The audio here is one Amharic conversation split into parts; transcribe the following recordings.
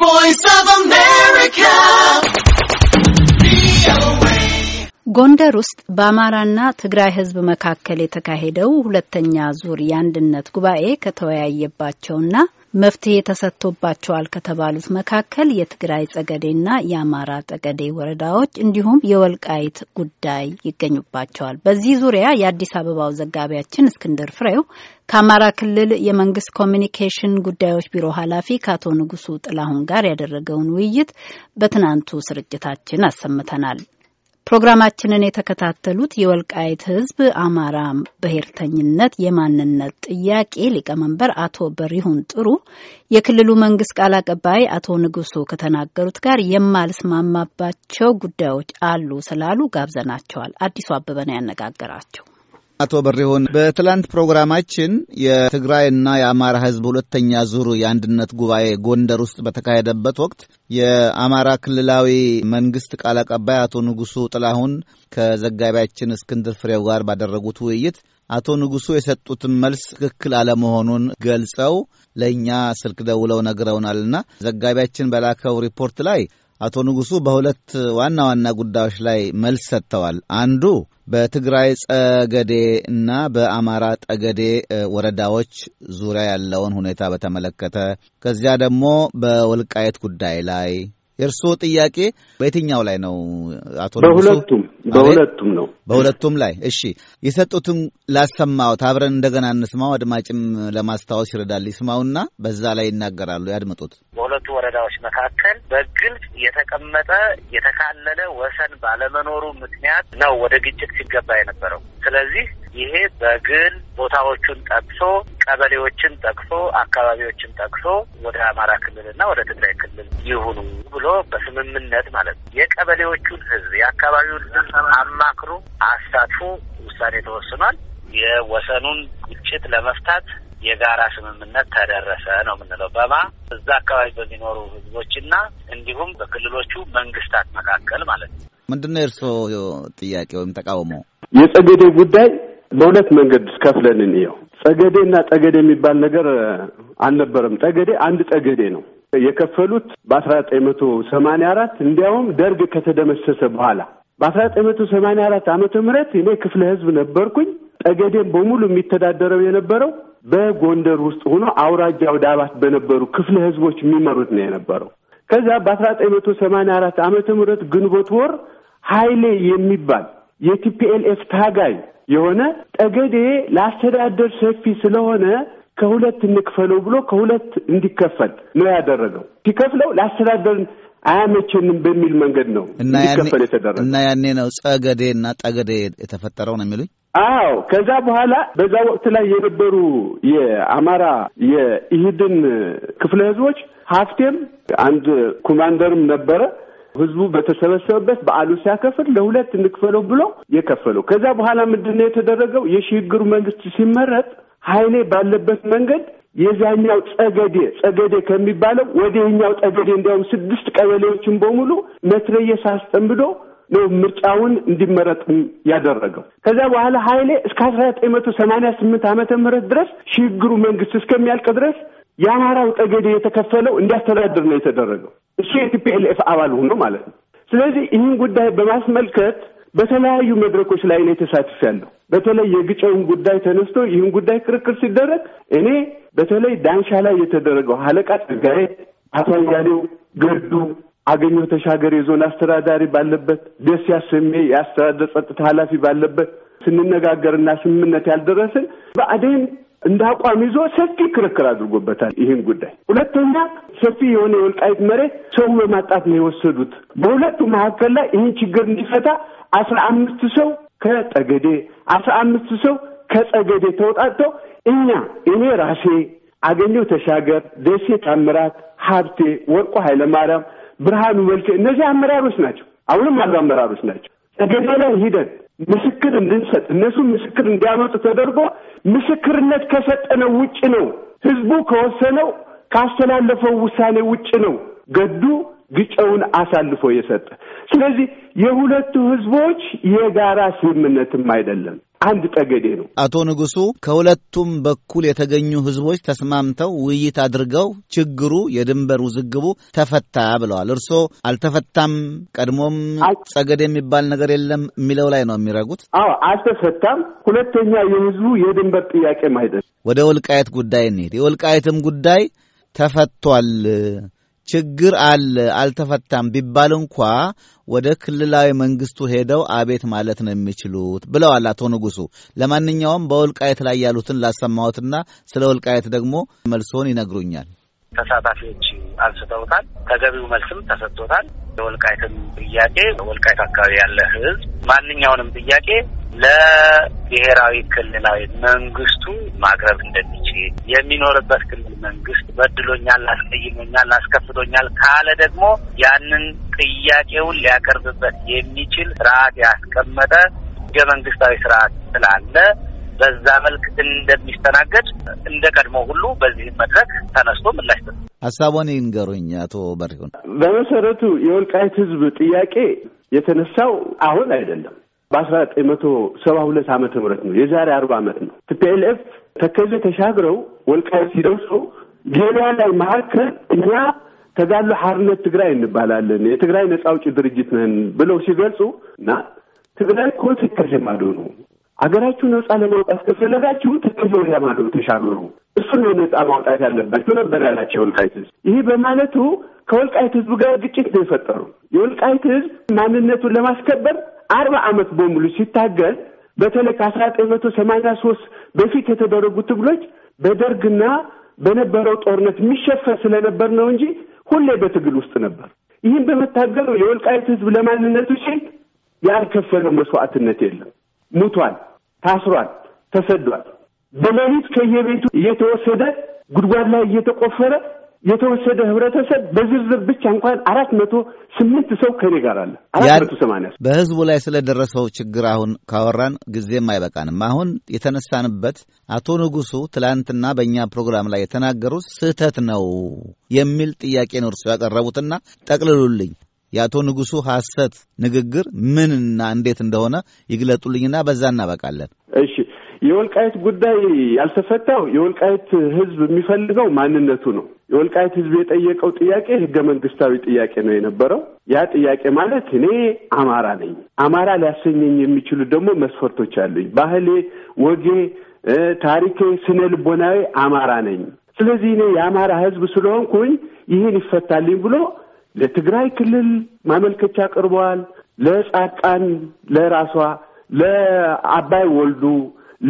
ቮይስ ኦፍ አሜሪካ ጎንደር ውስጥ በአማራና ትግራይ ህዝብ መካከል የተካሄደው ሁለተኛ ዙር የአንድነት ጉባኤ ከተወያየባቸውና መፍትሄ ተሰጥቶባቸዋል ከተባሉት መካከል የትግራይ ጸገዴና የአማራ ጸገዴ ወረዳዎች እንዲሁም የወልቃይት ጉዳይ ይገኙባቸዋል። በዚህ ዙሪያ የአዲስ አበባው ዘጋቢያችን እስክንድር ፍሬው ከአማራ ክልል የመንግስት ኮሚኒኬሽን ጉዳዮች ቢሮ ኃላፊ ከአቶ ንጉሱ ጥላሁን ጋር ያደረገውን ውይይት በትናንቱ ስርጭታችን አሰምተናል። ፕሮግራማችንን የተከታተሉት የወልቃይት ሕዝብ አማራ ብሔርተኝነት የማንነት ጥያቄ ሊቀመንበር አቶ በሪሁን ጥሩ የክልሉ መንግስት ቃል አቀባይ አቶ ንጉሱ ከተናገሩት ጋር የማልስማማባቸው ጉዳዮች አሉ ስላሉ ጋብዘናቸዋል። አዲሱ አበበ ነው ያነጋገራቸው። አቶ በሪሆን በትላንት ፕሮግራማችን የትግራይና የአማራ ህዝብ ሁለተኛ ዙር የአንድነት ጉባኤ ጎንደር ውስጥ በተካሄደበት ወቅት የአማራ ክልላዊ መንግስት ቃል አቀባይ አቶ ንጉሱ ጥላሁን ከዘጋቢያችን እስክንድር ፍሬው ጋር ባደረጉት ውይይት አቶ ንጉሱ የሰጡትን መልስ ትክክል አለመሆኑን ገልጸው ለእኛ ስልክ ደውለው ነግረውናልና ዘጋቢያችን በላከው ሪፖርት ላይ አቶ ንጉሱ በሁለት ዋና ዋና ጉዳዮች ላይ መልስ ሰጥተዋል። አንዱ በትግራይ ጸገዴ እና በአማራ ጠገዴ ወረዳዎች ዙሪያ ያለውን ሁኔታ በተመለከተ፣ ከዚያ ደግሞ በወልቃየት ጉዳይ ላይ የእርስዎ ጥያቄ በየትኛው ላይ ነው አቶ? በሁለቱም በሁለቱም ነው በሁለቱም ላይ እሺ፣ የሰጡትን ላሰማው አብረን እንደገና እንስማው። አድማጭም ለማስታወስ ይረዳል። ይስማውና በዛ ላይ ይናገራሉ፣ ያድምጡት። በሁለቱ ወረዳዎች መካከል በግልጽ የተቀመጠ የተካለለ ወሰን ባለመኖሩ ምክንያት ነው ወደ ግጭት ሲገባ የነበረው። ስለዚህ ይሄ በግል ቦታዎቹን ጠቅሶ ቀበሌዎችን ጠቅሶ አካባቢዎችን ጠቅሶ ወደ አማራ ክልልና ወደ ትግራይ ክልል ይሁኑ ብሎ በስምምነት ማለት ነው። የቀበሌዎቹን ህዝብ የአካባቢውን ህዝብ አማክሩ አሳትፎ ውሳኔ ተወስኗል። የወሰኑን ግጭት ለመፍታት የጋራ ስምምነት ተደረሰ ነው የምንለው። በማ እዛ አካባቢ በሚኖሩ ህዝቦችና እንዲሁም በክልሎቹ መንግስታት መካከል ማለት ነው። ምንድነው የእርስዎ ጥያቄ ወይም ተቃውሞ? የጸገዴ ጉዳይ በሁለት መንገድ ከፍለን እንየው። ጸገዴ እና ጠገዴ የሚባል ነገር አልነበረም። ጠገዴ አንድ ጠገዴ ነው። የከፈሉት በአስራ ዘጠኝ መቶ ሰማንያ አራት እንዲያውም ደርግ ከተደመሰሰ በኋላ በአስራ ዘጠኝ መቶ ሰማንያ አራት ዓመተ ምህረት እኔ ክፍለ ህዝብ ነበርኩኝ። ጠገዴም በሙሉ የሚተዳደረው የነበረው በጎንደር ውስጥ ሆኖ አውራጃው ዳባት በነበሩ ክፍለ ህዝቦች የሚመሩት ነው የነበረው። ከዚያ በአስራ ዘጠኝ መቶ ሰማንያ አራት ዓመተ ምህረት ግንቦት ወር ኃይሌ የሚባል የቲፒኤልኤፍ ታጋይ የሆነ ጠገዴ ለአስተዳደር ሰፊ ስለሆነ ከሁለት እንክፈለው ብሎ ከሁለት እንዲከፈል ነው ያደረገው። ሲከፍለው ለአስተዳደር አያመቸንም በሚል መንገድ ነው እንዲከፈል የተደረገ እና ያኔ ነው ጸገዴ እና ጠገዴ የተፈጠረው ነው የሚሉኝ። አዎ ከዛ በኋላ በዛ ወቅት ላይ የነበሩ የአማራ የኢህድን ክፍለ ህዝቦች ሀፍቴም አንድ ኮማንደርም ነበረ ህዝቡ በተሰበሰበበት በዓሉ ሲያከፍል ለሁለት እንክፈለው ብሎ የከፈለው። ከዛ በኋላ ምንድን ነው የተደረገው? የሽግግሩ መንግስት ሲመረጥ ኃይሌ ባለበት መንገድ የዛኛው ጸገዴ ጸገዴ ከሚባለው ወደ የኛው ጸገዴ እንዲያውም ስድስት ቀበሌዎችን በሙሉ መትረየስ አስጠምዶ ነው ምርጫውን እንዲመረጥ ያደረገው። ከዛ በኋላ ኃይሌ እስከ አስራ ዘጠኝ መቶ ሰማኒያ ስምንት ዓመተ ምህረት ድረስ ሽግግሩ መንግስት እስከሚያልቅ ድረስ የአማራው ጠገዴ የተከፈለው እንዲያስተዳድር ነው የተደረገው። እሱ የቲፒኤልኤፍ አባል ሆኖ ማለት ነው። ስለዚህ ይህን ጉዳይ በማስመልከት በተለያዩ መድረኮች ላይ እኔ ያለው በተለይ የግጨውን ጉዳይ ተነስቶ ይህን ጉዳይ ክርክር ሲደረግ እኔ በተለይ ዳንሻ ላይ የተደረገው አለቃ ጸጋዬ፣ አቶ አያሌው ገዱ፣ አገኘሁ ተሻገር የዞን አስተዳዳሪ ባለበት፣ ደስ ያሰሜ የአስተዳደር ጸጥታ ኃላፊ ባለበት ስንነጋገርና ስምምነት ያልደረስን በአዴን እንደ አቋም ይዞ ሰፊ ክርክር አድርጎበታል ይህን ጉዳይ። ሁለተኛ ሰፊ የሆነ የወልቃይት መሬት ሰው በማጣት ነው የወሰዱት። በሁለቱ መካከል ላይ ይህን ችግር እንዲፈታ አስራ አምስት ሰው ከጠገዴ አስራ አምስት ሰው ከጸገዴ ተውጣጥተው እኛ እኔ ራሴ አገኘው ተሻገር፣ ደሴ ታምራት፣ ሀብቴ ወርቁ፣ ኃይለማርያም፣ ብርሃኑ መልኬ እነዚህ አመራሮች ናቸው። አሁንም አሉ አመራሮች ናቸው። ጸገዴ ላይ ሂደን ምስክር እንድንሰጥ እነሱ ምስክር እንዲያመጡ ተደርጎ ምስክርነት ከሰጠነው ውጭ ነው። ህዝቡ ከወሰነው ካስተላለፈው ውሳኔ ውጭ ነው ገዱ ግጨውን አሳልፎ የሰጠ። ስለዚህ የሁለቱ ህዝቦች የጋራ ስምምነትም አይደለም። አንድ ጠገዴ ነው። አቶ ንጉሱ ከሁለቱም በኩል የተገኙ ህዝቦች ተስማምተው ውይይት አድርገው ችግሩ የድንበር ውዝግቡ ተፈታ ብለዋል። እርስዎ አልተፈታም፣ ቀድሞም ጸገዴ የሚባል ነገር የለም የሚለው ላይ ነው የሚረጉት? አዎ አልተፈታም። ሁለተኛ የህዝቡ የድንበር ጥያቄ ማይደስ ወደ ወልቃየት ጉዳይ እንሂድ። የወልቃየትም ጉዳይ ተፈቷል ችግር አለ አልተፈታም ቢባል እንኳ ወደ ክልላዊ መንግስቱ ሄደው አቤት ማለት ነው የሚችሉት ብለዋል አቶ ንጉሱ። ለማንኛውም በወልቃየት ላይ ያሉትን ላሰማሁትና ስለ ወልቃየት ደግሞ መልሶን ይነግሩኛል። ተሳታፊዎች አንስተውታል። ተገቢው መልስም ተሰጥቶታል። የወልቃይትን ጥያቄ ወልቃይት አካባቢ ያለ ህዝብ ማንኛውንም ጥያቄ ለብሔራዊ ክልላዊ መንግስቱ ማቅረብ እንደሚ የሚኖርበት ክልል መንግስት በድሎኛል፣ አስቀይሞኛል፣ አስከፍቶኛል ካለ ደግሞ ያንን ጥያቄውን ሊያቀርብበት የሚችል ስርዓት ያስቀመጠ ህገ መንግስታዊ ስርዓት ስላለ በዛ መልክ እንደሚስተናገድ እንደ ቀድሞ ሁሉ በዚህ መድረክ ተነስቶ ምላሽ ሀሳቦን ይንገሩኝ አቶ በሪሁን። በመሰረቱ የወልቃይት ህዝብ ጥያቄ የተነሳው አሁን አይደለም። በአስራ ዘጠኝ መቶ ሰባ ሁለት አመተ ምህረት ነው። የዛሬ አርባ አመት ነው ቲፒኤልኤፍ ተከዜ ተሻግረው ወልቃይት ሲደርሱ ጌሏ ላይ መካከል እኛ ተጋሉ ሀርነት ትግራይ እንባላለን የትግራይ ነፃ አውጪ ድርጅት ነን ብለው ሲገልጹ እና ትግራይ እኮ ተከዜ ማዶ ነው። አገራችሁ ነጻ ለማውጣት ከፈለጋችሁ ተከዜ ወዲያ ማዶ ተሻግሩ፣ እሱ ነው ነጻ ማውጣት ያለባቸው ነበር ያላቸው ወልቃይት ህዝብ። ይህ በማለቱ ከወልቃይት ህዝብ ጋር ግጭት ነው የፈጠሩ። የወልቃይት ህዝብ ማንነቱን ለማስከበር አርባ ዓመት በሙሉ ሲታገል በተለይ ከአስራ ዘጠኝ መቶ ሰማኒያ ሶስት በፊት የተደረጉ ትግሎች በደርግና በነበረው ጦርነት የሚሸፈን ስለነበር ነው እንጂ ሁሌ በትግል ውስጥ ነበር። ይህን በመታገሉ የወልቃይት ህዝብ ለማንነቱ ሲል ያልከፈለው መስዋዕትነት የለም። ሙቷል፣ ታስሯል፣ ተሰዷል። በሌሊት ከየቤቱ እየተወሰደ ጉድጓድ ላይ እየተቆፈረ የተወሰደ ህብረተሰብ በዝርዝር ብቻ እንኳን አራት መቶ ስምንት ሰው ከኔ ጋር አለ። አራት መቶ ሰማንያ በህዝቡ ላይ ስለደረሰው ችግር አሁን ካወራን ጊዜም አይበቃንም። አሁን የተነሳንበት አቶ ንጉሱ ትላንትና በእኛ ፕሮግራም ላይ የተናገሩት ስህተት ነው የሚል ጥያቄ ነው እርሱ ያቀረቡትና ጠቅልሉልኝ። የአቶ ንጉሱ ሐሰት ንግግር ምንና እንዴት እንደሆነ ይግለጡልኝና በዛ እናበቃለን። እሺ የወልቃየት ጉዳይ ያልተፈታው የወልቃየት ህዝብ የሚፈልገው ማንነቱ ነው። የወልቃይት ህዝብ የጠየቀው ጥያቄ ህገ መንግስታዊ ጥያቄ ነው የነበረው። ያ ጥያቄ ማለት እኔ አማራ ነኝ፣ አማራ ሊያሰኘኝ የሚችሉ ደግሞ መስፈርቶች አሉኝ። ባህሌ፣ ወጌ፣ ታሪኬ፣ ስነ ልቦናዊ አማራ ነኝ። ስለዚህ እኔ የአማራ ህዝብ ስለሆንኩኝ ይህን ይፈታልኝ ብሎ ለትግራይ ክልል ማመልከቻ አቅርበዋል። ለጻድቃን፣ ለራሷ፣ ለአባይ ወልዱ፣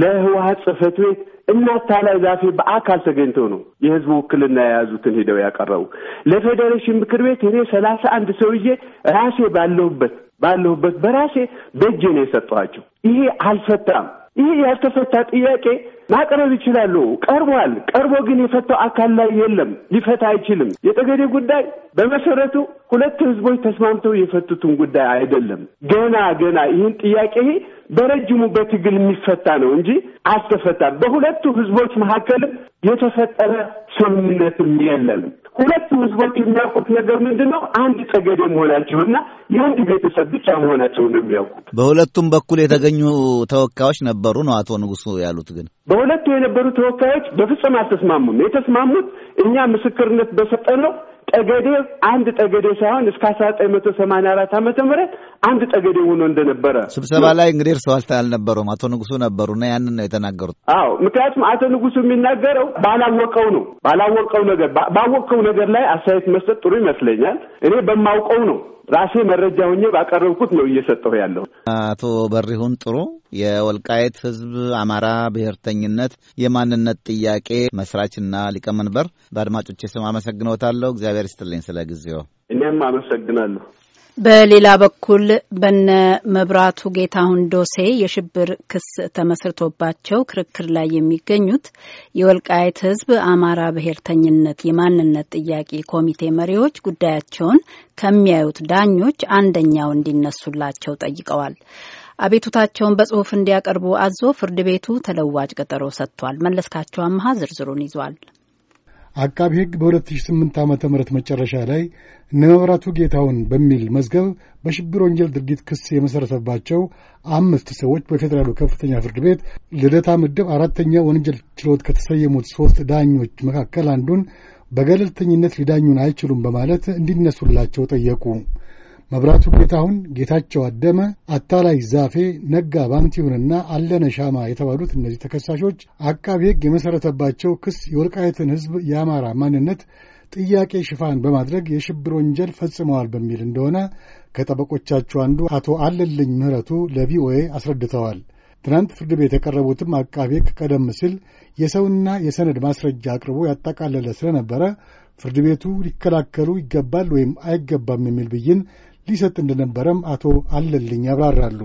ለህወሀት ጽህፈት ቤት እና ላይ ዛፌ በአካል ተገኝተው ነው የህዝቡ ውክልና የያዙትን ሄደው ያቀረቡ። ለፌዴሬሽን ምክር ቤት እኔ ሰላሳ አንድ ሰውዬ ራሴ ባለሁበት ባለሁበት በራሴ በእጄ ነው የሰጠኋቸው። ይሄ አልፈታም። ይሄ ያልተፈታ ጥያቄ ማቅረብ ይችላሉ። ቀርቧል። ቀርቦ ግን የፈታው አካል ላይ የለም፣ ሊፈታ አይችልም። የጠገዴ ጉዳይ በመሰረቱ ሁለት ህዝቦች ተስማምተው የፈቱትን ጉዳይ አይደለም። ገና ገና ይህን ጥያቄ በረጅሙ በትግል የሚፈታ ነው እንጂ አልተፈታም። በሁለቱ ህዝቦች መካከልም የተፈጠረ ስምምነትም የለም። ሁለቱ ህዝቦች የሚያውቁት ነገር ምንድን ነው? አንድ መሆናቸው መሆናቸውና የአንድ ቤተሰብ ብቻ መሆናቸው ነው የሚያውቁት። በሁለቱም በኩል የተገኙ ተወካዮች ነበሩ ነው አቶ ንጉሱ ያሉት። ግን በሁለቱ የነበሩ ተወካዮች በፍጹም አልተስማሙም። የተስማሙት እኛ ምስክርነት በሰጠ ነው። ጠገዴ አንድ ጠገዴ ሳይሆን እስከ አስራ ዘጠኝ መቶ ሰማንያ አራት ዓመተ ምህረት አንድ ጠገዴ ሆኖ እንደነበረ ስብሰባ ላይ እንግዲህ እርሰው አልነበሩም፣ አቶ ንጉሱ ነበሩ እና ያንን ነው የተናገሩት። አዎ ምክንያቱም አቶ ንጉሱ የሚናገረው ባላወቀው ነው። ባላወቀው ነገር ባወቀው ነገር ላይ አስተያየት መስጠት ጥሩ ይመስለኛል። እኔ በማውቀው ነው ራሴ መረጃ ሆኜ ባቀረብኩት ነው እየሰጠሁ ያለሁ። አቶ በሪሁን ጥሩ የወልቃየት ህዝብ አማራ ብሔርተኝነት የማንነት ጥያቄ መስራችና ሊቀመንበር፣ በአድማጮች ስም አመሰግኖታለሁ። እግዚአብሔር ይስጥልኝ ስለ ጊዜው። እኔም አመሰግናለሁ። በሌላ በኩል በነ መብራቱ ጌታሁን ዶሴ የሽብር ክስ ተመስርቶባቸው ክርክር ላይ የሚገኙት የወልቃየት ሕዝብ አማራ ብሔርተኝነት የማንነት ጥያቄ ኮሚቴ መሪዎች ጉዳያቸውን ከሚያዩት ዳኞች አንደኛው እንዲነሱላቸው ጠይቀዋል። አቤቱታቸውን በጽሁፍ እንዲያቀርቡ አዞ ፍርድ ቤቱ ተለዋጭ ቀጠሮ ሰጥቷል። መለስካቸው አመሀ ዝርዝሩን ይዟል። አቃቢ ሕግ በ2008 ዓ ም መጨረሻ ላይ እነ መብራቱ ጌታሁን በሚል መዝገብ በሽብር ወንጀል ድርጊት ክስ የመሠረተባቸው አምስት ሰዎች በፌዴራሉ ከፍተኛ ፍርድ ቤት ልደታ ምድብ አራተኛ ወንጀል ችሎት ከተሰየሙት ሦስት ዳኞች መካከል አንዱን በገለልተኝነት ሊዳኙን አይችሉም በማለት እንዲነሱላቸው ጠየቁ። መብራቱ ጌታሁን፣ ጌታቸው አደመ፣ አታላይ ዛፌ፣ ነጋ ባንቲሁንና አለነ ሻማ የተባሉት እነዚህ ተከሳሾች አቃቢ ሕግ የመሠረተባቸው ክስ የወልቃየትን ሕዝብ የአማራ ማንነት ጥያቄ ሽፋን በማድረግ የሽብር ወንጀል ፈጽመዋል በሚል እንደሆነ ከጠበቆቻቸው አንዱ አቶ አለልኝ ምህረቱ ለቪኦኤ አስረድተዋል። ትናንት ፍርድ ቤት የቀረቡትም አቃቤ ሕግ ቀደም ሲል የሰውና የሰነድ ማስረጃ አቅርቦ ያጠቃለለ ስለነበረ ፍርድ ቤቱ ሊከላከሉ ይገባል ወይም አይገባም የሚል ብይን ሊሰጥ እንደነበረም አቶ አለልኝ ያብራራሉ።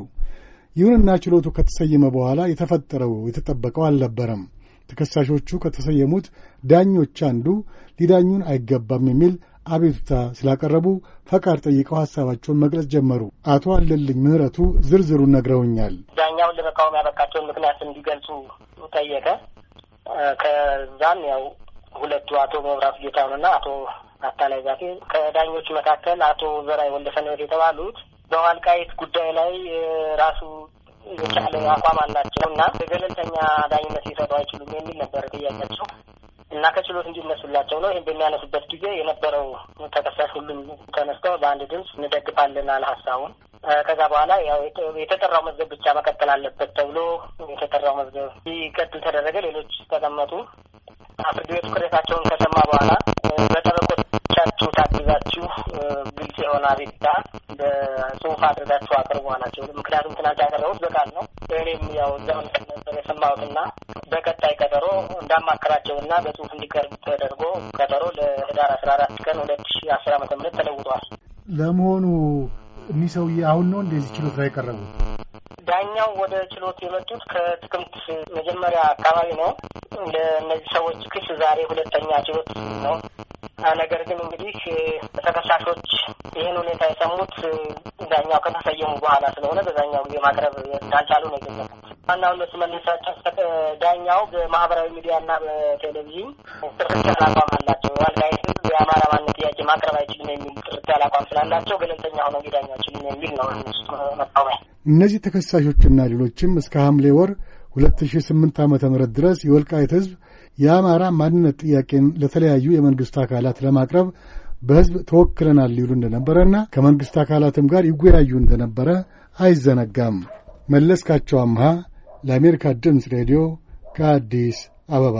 ይሁንና ችሎቱ ከተሰየመ በኋላ የተፈጠረው የተጠበቀው አልነበረም። ተከሳሾቹ ከተሰየሙት ዳኞች አንዱ ሊዳኙን አይገባም የሚል አቤቱታ ስላቀረቡ ፈቃድ ጠይቀው ሀሳባቸውን መግለጽ ጀመሩ። አቶ አለልኝ ምህረቱ ዝርዝሩን ነግረውኛል። ዳኛውን ለመቃወም ያበቃቸውን ምክንያት እንዲገልጹ ጠየቀ። ከዛም ያው ሁለቱ አቶ መብራቱ ጌታሁንና አቶ አታላይ ዛፌ ከዳኞች መካከል አቶ ዘራይ ወልደሰነት የተባሉት በዋልቃይት ጉዳይ ላይ ራሱ የቻለ አቋም አላቸው እና በገለልተኛ ዳኝነት ሊሰጡ አይችሉም የሚል ነበር ጥያቄያቸው እና ከችሎት እንዲነሱላቸው ነው። ይህን በሚያነሱበት ጊዜ የነበረው ተከሳሽ ሁሉም ተነስተው በአንድ ድምፅ እንደግፋለናል ሀሳቡን። ከዛ በኋላ ያው የተጠራው መዝገብ ብቻ መቀጠል አለበት ተብሎ የተጠራው መዝገብ ይቀጥል ተደረገ። ሌሎች ተቀመጡ። ፍርድ ቤቱ ቅሬታቸውን ከሰማ በኋላ ወይዘሮና ቤታ በጽሁፍ አድርጋችሁ አቅርቧ ናቸው። ምክንያቱም ትናንት ያቀረቡት በቃል ነው። እኔም ያው እዛው ነበር የሰማሁትና በቀጣይ ቀጠሮ እንዳማከራቸው እንዳማከራቸውና በጽሁፍ እንዲቀርብ ተደርጎ ቀጠሮ ለህዳር አስራ አራት ቀን ሁለት ሺ አስር አመተ ምህረት ተለውጧል። ለመሆኑ እኒህ ሰውዬ አሁን ነው እንደዚህ ችሎት ላይ የቀረቡት? ዳኛው ወደ ችሎት የመጡት ከጥቅምት መጀመሪያ አካባቢ ነው። ለእነዚህ ሰዎች ክስ ዛሬ ሁለተኛ ችሎት ነው ነገር ግን እንግዲህ ተከሳሾች ይህን ሁኔታ የሰሙት ዳኛው ከተሰየሙ በኋላ ስለሆነ በዛኛው ጊዜ ማቅረብ እንዳልቻሉ ነው የገለጹት። ዋናው እነሱ መነሻቸው ዳኛው በማህበራዊ ሚዲያና በቴሌቪዥን ጥርት ያለ አቋም አላቸው። ወልቃይት ሕዝብ የአማራ ማንነት ጥያቄ ማቅረብ አይችልም የሚል ጥርት ያለ አቋም ስላላቸው ገለልተኛ ሆነው ሊዳኛችን የሚል ነው እነሱ መቃወሚያ። እነዚህ ተከሳሾችና ሌሎችም እስከ ሐምሌ ወር ሁለት ሺህ ስምንት ዓመተ ምህረት ድረስ የወልቃይት ህዝብ የአማራ ማንነት ጥያቄን ለተለያዩ የመንግሥት አካላት ለማቅረብ በሕዝብ ተወክለናል ይሉ እንደነበረና ከመንግሥት አካላትም ጋር ይወያዩ እንደነበረ አይዘነጋም። መለስካቸው አምሃ ለአሜሪካ ድምፅ ሬዲዮ ከአዲስ አበባ